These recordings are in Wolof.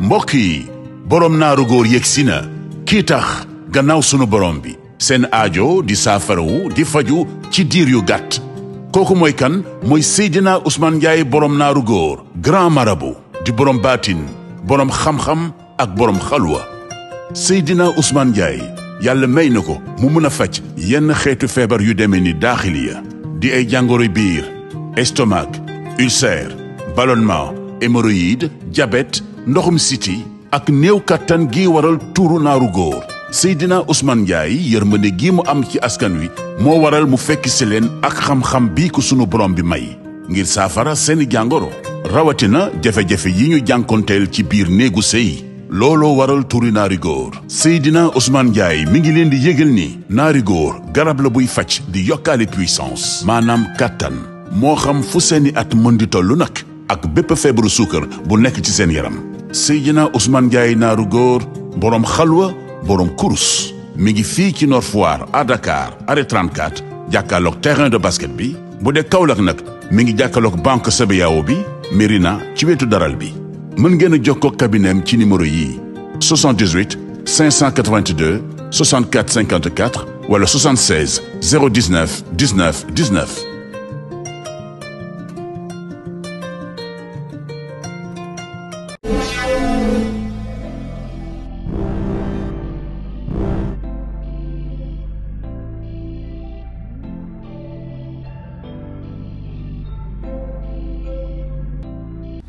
mbokk yi boroom naaru góor si na kii tax gannaaw sunu borom bi seen aajo di saafarawu di faju ci diir yu gàtt kooku mooy kan mooy Seydina usmaan Ndiaye borom naaru góor grand marabout di boroom baatin boroom xam-xam ak boroom xalwa Seydina Ousmane Ndiaye yàlla may na ko mu mën a faj yenn xeetu feebar yu demee ni daaxiliya di ay jàngoro biir estomac ulcère ballonnement hémorroïde diabète ndoxum siti ak néew kattan gi waral tuuru naaru góor Seydina Ousmane Ndiaye yërmande gi mu am ci askan wi moo waral mu fekk si leen ak xam-xam bii ko sunu borom bi may ngir saafara seeni jàngoro rawatina jafe-jafe yi ñu jànkonteel ci biir néegu sëy looloo waral turi naari góor Seydina Ousmane Ndiaye mi ngi leen di yëgal ni naari góor garab la buy faj di yokkaale puissance maanaam kàttan moo xam fu seeni at mën di toll nag ak bépp feebaru suukar bu nekk ci seen yaram Seydina Ousmane Ndiaye naaru góor borom xalwa borom kurus mi ngi fii ci Nord Foire ar Dakar arrêt 34 terrain de basket bi bu dee Kaolack nag mi ngi jàkkaarloog banque CBAO bi Mérina ci wetu daral bi mën ngeen a jokkoo kabineem ci numéro yii 78 582 64 54 wala 76 019 19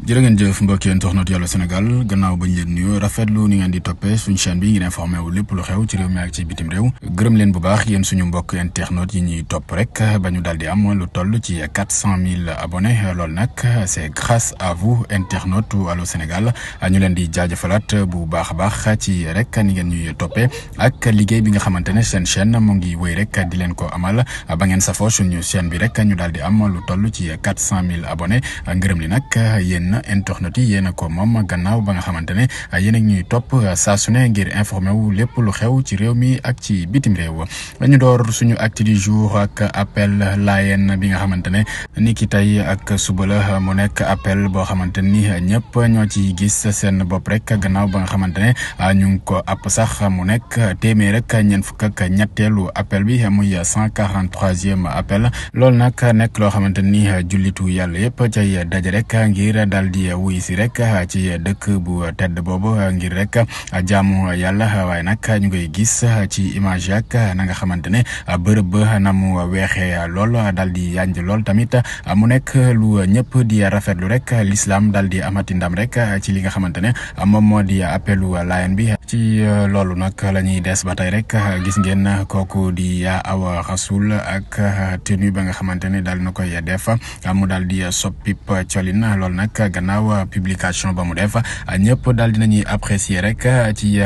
jërë ngeen jëf mbokk yéen toxnot yàlla Sénégal gannaaw bañ leen nuyoo rafetlu ni ngeen di toppe suñ chaîne bi ngeen informé wu lépp lu xew ci réew mi ak ci bitim réew gërëm leen bu baax yéen suñu mbokk internautes yi ñuy topp rek ba ñu daal di am lu toll ci quatre cent mille abonnés loolu nag c'est grâce à vous internautes Sénégal ñu leen di jaajëfalaat bu baax a baax ci rek ni ngeen ñuy toppee ak liggéey bi nga xamante ne seen chaîne mu ngi wéy rek di leen ko amal ba ngeen safoo suñu chaîne bi rek ñu daal di am lu toll ci quatre cent mille abonnés ngërëm li nag yéen internet yi yéen a ko moom gannaaw ba nga xamante ne yéen ak ñuy topp saa ne ngir informé lépp lu xew ci réew mi ak ci bitim réew ñu door suñu acte du jour ak appel laayeen bi nga xamante ne ni ki tey ak suba la mu nekk appel boo xamante ni ñëpp ñoo ci gis seen bopp rek gannaaw ba nga xamante ne ñu ko app sax mu nekk téeméer rek ñeent fukk ak ñetteelu appel bi muy cent quarante troisième appel loolu nag nekk loo xamante ni jullitu yàlla yëpp cay daje rek ngir daal daal di wuy si rek ci dëkk bu tedd boobu ngir rek jaamu yàlla waaye nag ñu ngay gis ci image ak na nga xamante ne bërëb ba na mu weexee lool dal di yànj lool tamit mu nekk lu ñëpp di rafetlu rek l'islam daal di amati rek ci li nga xamante ne moom moo di appelu layen bi ci loolu nag la des ba tey rek gis ngeen kooku di awa rasul ak tenue ba nga xamante ne na koy def mu daal di soppip colin loolu nag gannaaw euh, publication ba mu def euh, ñëpp daal dinañuy apprécier rek euh, ci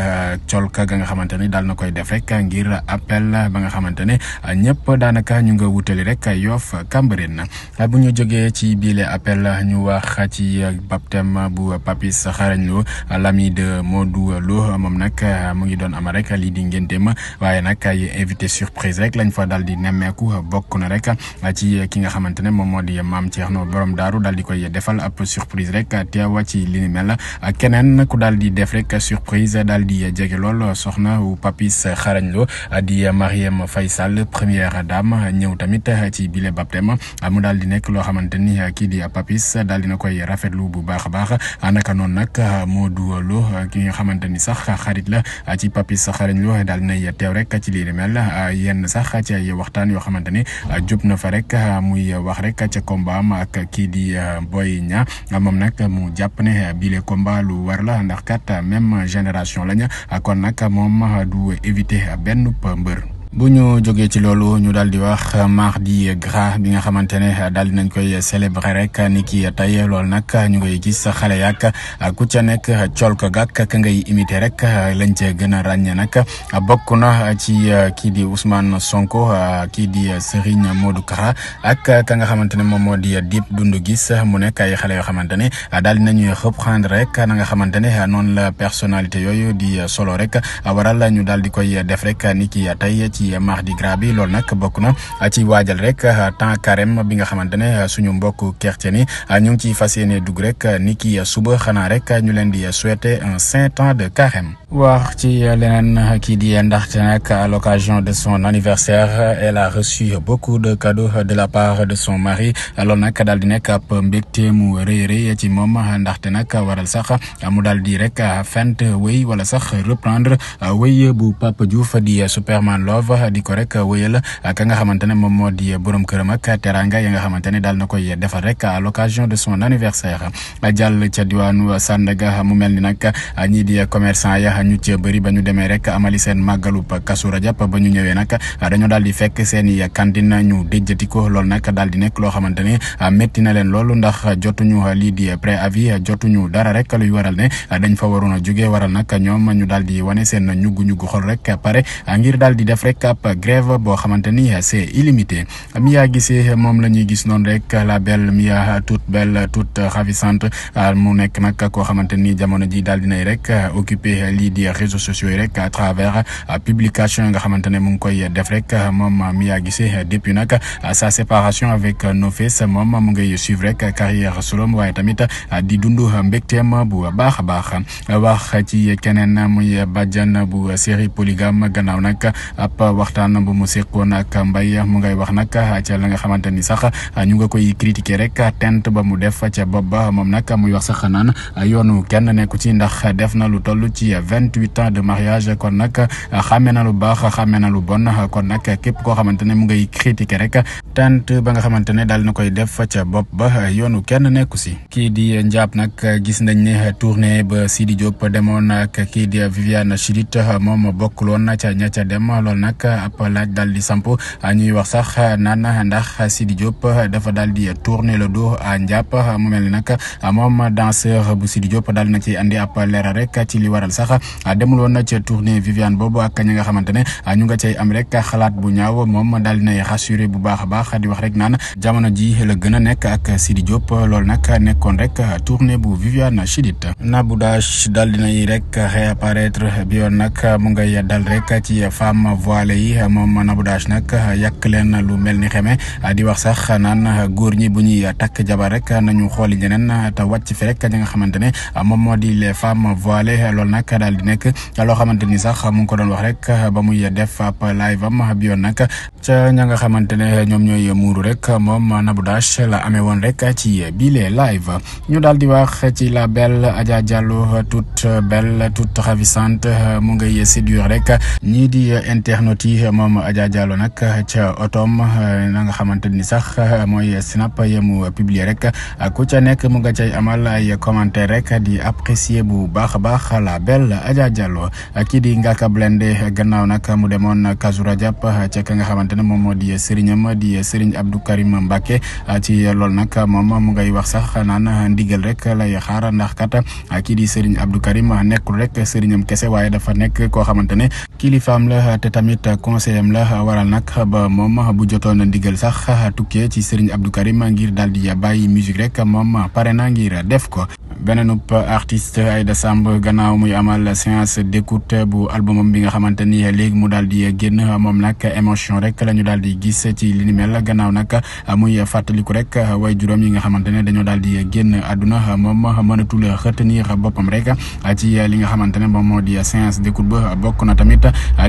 colka ga nga xamante ni daal na koy def rek ngir appel ba nga xamante ne ñëpp daanaka ñu nga wutali rek Yoff Cambérène bu ñu jogee ci biile appel ñu wax ci baptême bu Papis Xarañ Lo l'ami de Modou Lo moom nag mu ngi doon ama rek lii di ma waaye nag ay invité surprise rek lañ fa daal di nemmeeku bokk na rek ci ki nga xamante ne moom moo di maam Thierno borom daaru daal di koy surprise rek teewa ci li ni mel keneen ku daal di def rek surprise daal di jege lool soxna wu Papis Xarañ Lo di Marième Faye Sall première dame ñëw tamit ci bile baptême mu daal di nekk loo xamante ni kii di Papis daal di na koy rafetlu bu baax a baax naka noonu nag Modou Lo ki xamante ni sax xarit la ci Papis Xarañ Lo daal nay teew rek ci li ni mel yenn sax ci ay waxtaan yoo xamante a jub na fa rek muy wax rek ca combat ak kii di Boy Niang moom nag mu jàpp ne bile combat lu war la ndax kat même génération lañ kon nag moom du éviter benn mbër. bu ñu jógee ci loolu ñu daal di wax mardi gras bi nga xamante ne daal di nañ koy célébrer rek ni ki tey loolu nag ñu ngay gis xale yaak ku ca nekk colk gàkk ka ngay imiter rek lañ ca gën a ràññee nag bokk na ci kii di Ousmane Sonko kii di Serigne Modou Kara ak ka nga xamante ne moom moo di Dip Doundou gis mu nekk ay xale yoo xamante ne daal di nañuy reprendre rek na nga xamante ne noonu la personnalité yooyu di solo rek waral ñu daal di koy def rek ni ki tey ci ci mardi gras bi loolu nag bokk na ci waajal rek euh, temps carême bi nga xamante ne euh, suñu mbokk chrétien yi euh, ñu ngi ciy fas yéene dugg rek ni ki suba xanaa rek ñu leen di souhaiter un cinq temps de carême. wax ci leneen kii di ndaxte nag à l'occasion de son anniversaire elle a reçu beaucoup de cadeaux de la part de son mari loolu nag daal di nekk ab mbégte mu rëy rëy ci moom ndaxte nag waral sax mu daal di rek a fent wéy wala sax reprendre wéy bu Pape Diouf di Superman Love di ko rek wéyal ka nga xamante ne moom moo di borom këram ak teranga ya nga xamante ne daal na koy defal rek à l'occasion de son anniversaire jàll ca diwaanu Sandaga mu ñu ca bëri ba ñu demee rek amali seen màggalub Kazu Rajab ba ñu ñëwee nag dañoo daal di fekk seen i cantine ñu déjjati ko loolu nag daal di nekk loo xamante ne métti na leen loolu ndax jotuñu lii di préavis jotuñu dara rek luy waral ne dañ fa waroon a jóge waral nag ñoom ñu dal di wane seen ñugg-ñugg xol rek pare ngir daal di def rek ab grève boo xamante ni c'est illimité Mia Guissé moom la ñuy gis noonu rek la belle Mia toute belle toute ravissante mu nekk nag koo xamante ni jamono ji daal dinay rek di réseaux sociaux yi rek a travers euh, publication yi nga xamante ne mu ngi koy def rek euh, moom Mia Guissé euh, depuis nag sa séparation avec Nofés moom mu ngay suivre rek a solom waaye a di dund mbégteem bu baax a baax wax ci keneen muy bàjjan bu série polygame gannaaw nag ab waxtaan bu mu seqoon ak mbay mu ngay wax nag ca la nga xamante ni sax ñu nga koy critiquer rek tent ba mu def a bopp a moom nag muy wax sax naan yoonu kenn nekku 28 ans de mariage kon nag xàmme na lu baax xàmme na lu bon kon nag képp koo xamante ne mu ngay critiquer rek tante ba nga xamante ne daal na koy def ca bopp ba yoonu kenn nekku si. kii di Ndiab nag gis nañ ne tournée ba Sidi Diop demoon ak kii di Viviane Chidid moom bokkul woon ca ña ca dem loolu nag ab laaj dal di samp ñuy wax sax naan ndax Sidi Diop dafa daal di tourner la do a Ndiab moom danseur bu Sidi Diop daal na ci andi ab leeral rek ci li waral sax Ah, demul woon na ca tournée Viviane boobu ak ñi nga xamante ne ah, ñu nga cay am rek xalaat bu ñaaw moom daal dinay rassuré bu baax a baax di wax rek naan jamono ji la gën a nekk ak Sidi Diop loolu nag nekkoon rek tournée bu Viviane Chidid Nabou Dash daal dinay rek réapparaître bi yoon nag mu ngay dal rek ci femme voilée yi moom Nabou Dash nag yakk leen lu mel ni xeme di wax sax naan góor ñi bu ñuy takk jabar rek nañu xooli ñeneen ata wàcc fi rek ñi nga xamante ne moom moo di les femmes voilées loolu nag daal daal di nekk loo xamante ni sax mu ko doon wax rek ba muy def ab live am bi yoon nag ca ña nga xamante ne ñoom ñooy muuru rek moom Nabou Dash la amee woon rek ci bile live ñu daal di wax ci la belle Adja Diallo toute belle toute ravissante mu ngay séduire rek ñii di internautes yi moom Adja Diallo nag ca otoom na nga xamante ni sax mooy snap yemu publier rek ku ca nekk mu nga ca amal ay commentaire rek di apprécier bu baax a baax la Adja Diallo kii di Ngaaka Blindé gannaaw nag mu demoon Kazu jàpp ca ka nga xamante ne moom moo di sëriñam di sëriñ Abdou Karim Mbacke ci loolu nag moom mu ngay wax sax naan ndigal rek lay xaar ndax kat kii di sëriñ Abdou Karim nekkul rek sëriñam kese waaye dafa nekk koo xamante ne kilifaam la te tamit conseiller am la waral nag ba moom bu jotoon ndigal sax tukkee ci sëriñ Abdou Karim ngir daal di bàyyi musique rek moom pare naa ngir def ko. beneenub artiste de Samb gannaaw muy amal séance d'écoute bu albumam bi nga xamante ni léegi mu daal di génn moom nag émotion rek la ñu daal di gis ci li ni mel gannaaw nag muy fàttaliku rek way juróom yi nga xamante ne dañoo daal di génn àdduna moom mënatul a boppam rek ci li nga xamante ne moom moo di séance d'écoute ba bokk na tamit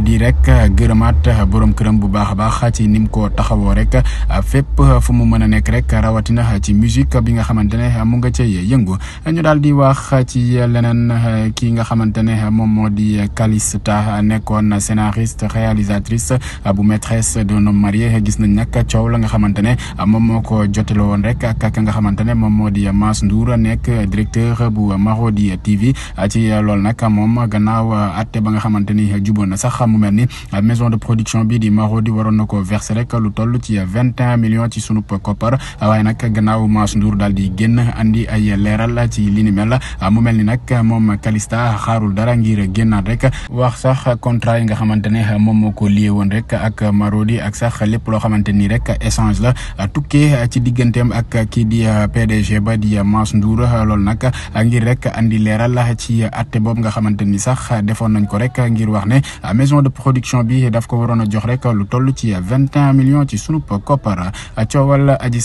di rek gërëmaat borom këram bu baax a baax ci nim ko taxawoo rek fépp fu mu mën a nekk rek rawatina ci musique bi nga xamante ne mu nga cay yëngu daal di wax ci leneen eh, kii nga xamante ne moom moo di Calista nekkoon scénariste réalisatrice bu maîtresse d'un homme marié gis nañ nag coow la nga xamante ne moom moo ko joteloo woon rek ak ka nga xamante ne moom moo di Mass Ndour nekk directeur bu Marodi TV ci loolu nag moom gannaaw atte ba nga xamante ni juboon na sax mu ni maison de production bi di di waroon na ko verser rek lu toll ci vingt et un millions ci sunu koppar waaye nag gannaaw Mass nduur daal di génn indi ay leeral ci. li ni mel ah, mu mel ni nag moom Calista xaarul dara ngir génnaat rek wax sax contrat yi nga xamante ne moom moo ko lié woon rek ak Marodi ak sax lépp loo xamante ni rek échange la ah, tukkee ci digganteem ak kii di ah, PDG ba di Mansour lool loolu nag ngir rek andi leeral ci atte boobu nga xamante ni sax defoon nañ ko rek ngir wax ne maison de production bi daf ko waroon a jox rek lu toll ci vingt et un millions ci sunub koppar coowal Adji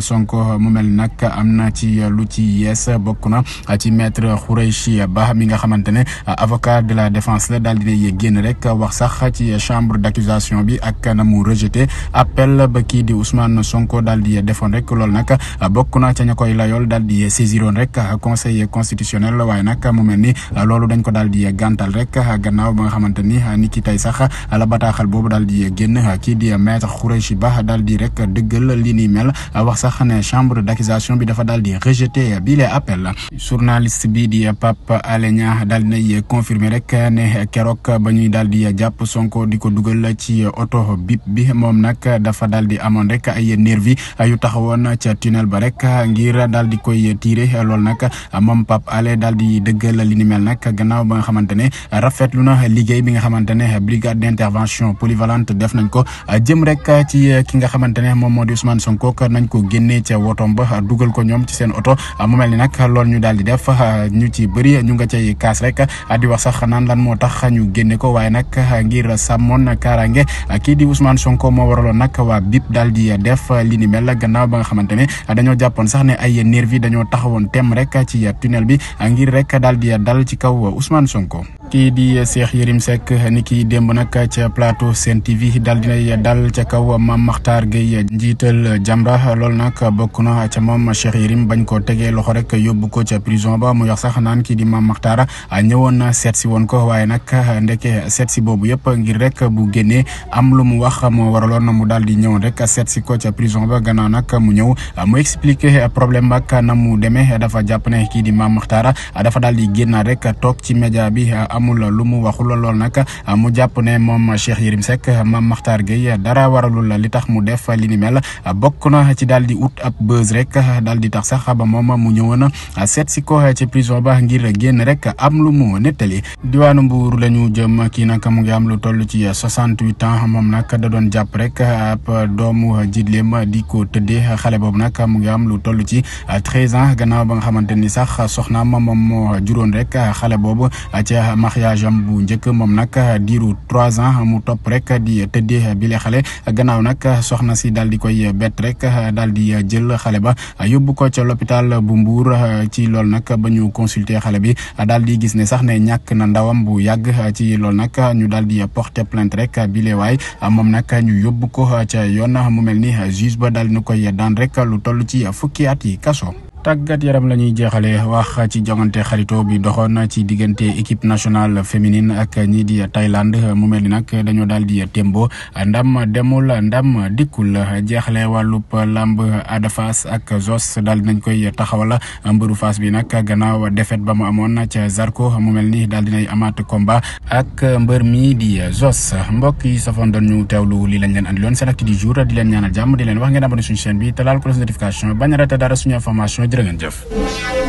Sonko mu mel nag bokk na a maître Khoureychi Ba mi de la défense la daal dinay génn rek wax sax ci chambre d'accusation bi ak na mu rejeté appel ba kii di Ousmane Sonko daal di defoon rek loolu nag bokk na ca ña koy layool daal di saisiroon rek conseil constitutionnel waaye nag mu mel ni ko daal di gàntal rek ba nga xamante ni ni ki tey sax la bataaxal boobu daal di génn kii di maître Khoureychi Ba daal di rek dëggal li ni mel wax sax ne chambre d'accusation bi dafa daal di rejeté bi appel journaliste bi di Pape Alé Niang di dinay confirmer rek ne keroog ba ñuy daal di jàpp Sonko di ko dugal ci oto bip bi moom nag dafa daal di amoon rek ay nervi yu taxawoon ca tunnel ba rek ngir daal di koy tiire loolu nag moom pap ale daal di dëggal li ni mel nag gannaaw ba nga xamante ne rafetlu na liggéey bi nga xamante ne brigade d'intervention polyvalente def nañ ko jëm rek ci ki nga xamante ne moom moo di Ousmane Sonko nañ ko génnee ca wotoom ba dugal ko ñoom ci seen oto mu mel ni nag nag loolu ñu daal di def ñu ci bëri ñu nga cay kaas rek ah, di wax sax naan lan moo tax ñu génne ko waaye nag ngir sàmmoon kaaraange ah, kii di Ousmane Sonko moo waraloon nag waa BIP daal di def li ni mel gannaaw ba nga xamante ne ah, dañoo jàppoon sax ne ay nervi dañoo taxawoon tem rek ci tunnel bi ngir rek daal di dal ci kaw Ousmane Sonko. kii di Cheikh Yérim Seck ni kii démb nag ca plateau Sen TV daal dinay dal ca kaw Mame Makhtar Gueye njiital Jamra loolu nag bokk na ca moom yóbbu ko ca prison ba mu yox sax naan kii di Mame Makhtar ñëwoon na seet si woon ko waaye nag ndeke seet si boobu yëpp ngir rek bu génnee am lu mu wax moo waraloon mu daal di ñëwoon rek seet si ko ca prison ba gannaaw nag mu ñëw mu expliqué problème maka na mu deme dafa jàpp ne kii di Mame Makhtar dafa daal di génnaat rek toog ci média bi amul lu mu waxul lool nag mu jàpp ne moom Cheikh Yérim Seck Mame Makhtar Gueye dara waralul li tax mu def li ni bokk na ci daal di ut ab buzz rek daal di tax sax ba moom mu ñëwoon yoon seet si ko ci prison ba ngir génn rek am lu mu nettali diwaanu Mbuur la ñu jëm kii nag mu ngi am lu toll ci soixante-huit ans moom nag da doon jàpp rek ab doomu jidleem di ko tëddee xale boobu nag mu ngi am lu toll ci treize gannaaw ba nga xamante ni sax soxnaam moom moo juróon rek xale boobu ca mariage am bu njëkk moom nag diiru trois ans mu topp rek di tëddee bile xale gannaaw nag soxna si daal di koy bett rek daal di jël xale ba yóbbu ko ca l'hôpital bu Mbuur Euh, ci lool nag ba ñu consulter xale bi daal di gis ne sax ne ñàkk na ndawam bu yàgg ci lool nag ñu daal di porter plainte rek bile waay moom nag ñu yóbbu ko ca yoon mu mel ni juge ba daal di na koy daan rek lu toll ci fukki at yi kaso. tàggat yaram la ñuy jeexalee wax ci jongante xarito bi doxoon ci diggante équipe nationale féminine ak ñii di Thaïlande mu mel ni nag dañoo daal di témbo ndam demul ndam dikkul jeexalee wàllub lamb Ada Fass ak Zos daal dinañ koy taxawal mbëru Fass bi nag gannaaw défaite ba mu amoon ca Zarko mu mel ni daal dinay amaat combat ak mbër mi di Zos mbokk yi safoon doon ñu teewlu lañ leen andiloon seen acte du jour di leen ñaanal jàmm di leen wax ngeen abonné suñu chaîne a jërë ngeen jëf